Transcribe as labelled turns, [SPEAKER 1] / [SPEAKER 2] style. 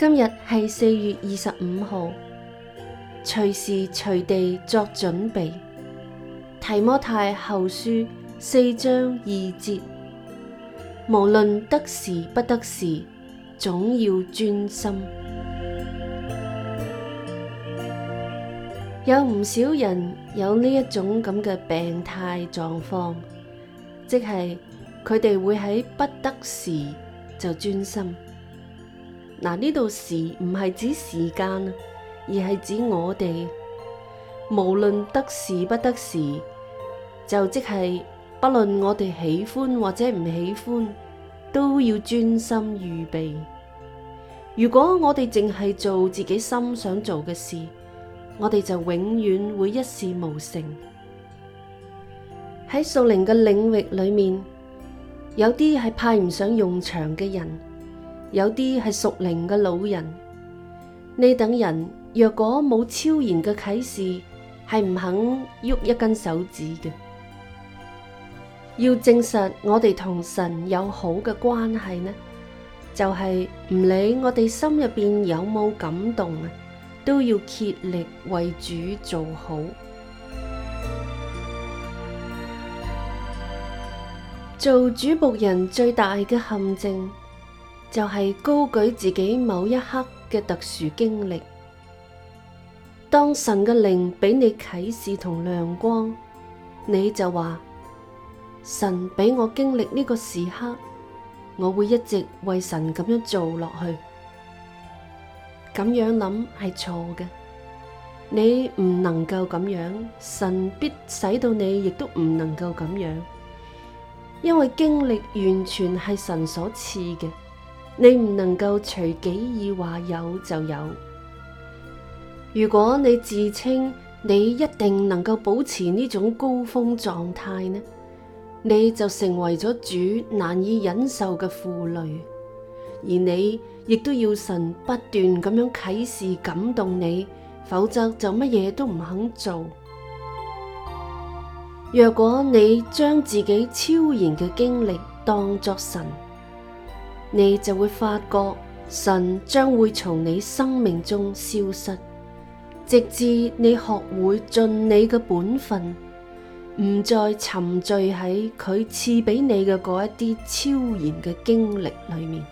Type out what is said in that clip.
[SPEAKER 1] 今日係四月二十五號，隨時隨地作準備。提摩太後書四章二節，無論得時不得時，總要專心。有唔少人有呢一種咁嘅病態狀況，即係佢哋會喺不得時就專心。嗱，呢度時唔係指時間，而係指我哋。無論得時不得時，就即係不論我哋喜歡或者唔喜歡，都要專心預備。如果我哋淨係做自己心想做嘅事，我哋就永遠會一事無成。喺數靈嘅領域裏面，有啲係派唔上用場嘅人。有啲係屬靈嘅老人，呢等人若果冇超然嘅啟示，係唔肯喐一根手指嘅。要證實我哋同神有好嘅關係呢，就係唔理我哋心入邊有冇感動啊，都要竭力為主做好。做主僕人最大嘅陷阱，就係高舉自己某一刻嘅特殊經歷。當神嘅靈俾你啟示同亮光，你就話神俾我經歷呢個時刻，我會一直為神咁樣做落去。咁樣諗係錯嘅，你唔能夠咁樣，神必使到你亦都唔能夠咁樣，因為經歷完全係神所賜嘅。你唔能夠隨己意話有就有。如果你自稱你一定能夠保持呢種高峰狀態呢，你就成為咗主難以忍受嘅負累，而你亦都要神不斷咁樣啟示，感動你，否則就乜嘢都唔肯做。若果你將自己超然嘅經歷當作神。你就會發覺神將會從你生命中消失，直至你學會盡你嘅本分，唔再沉醉喺佢賜俾你嘅嗰一啲超然嘅經歷裏面。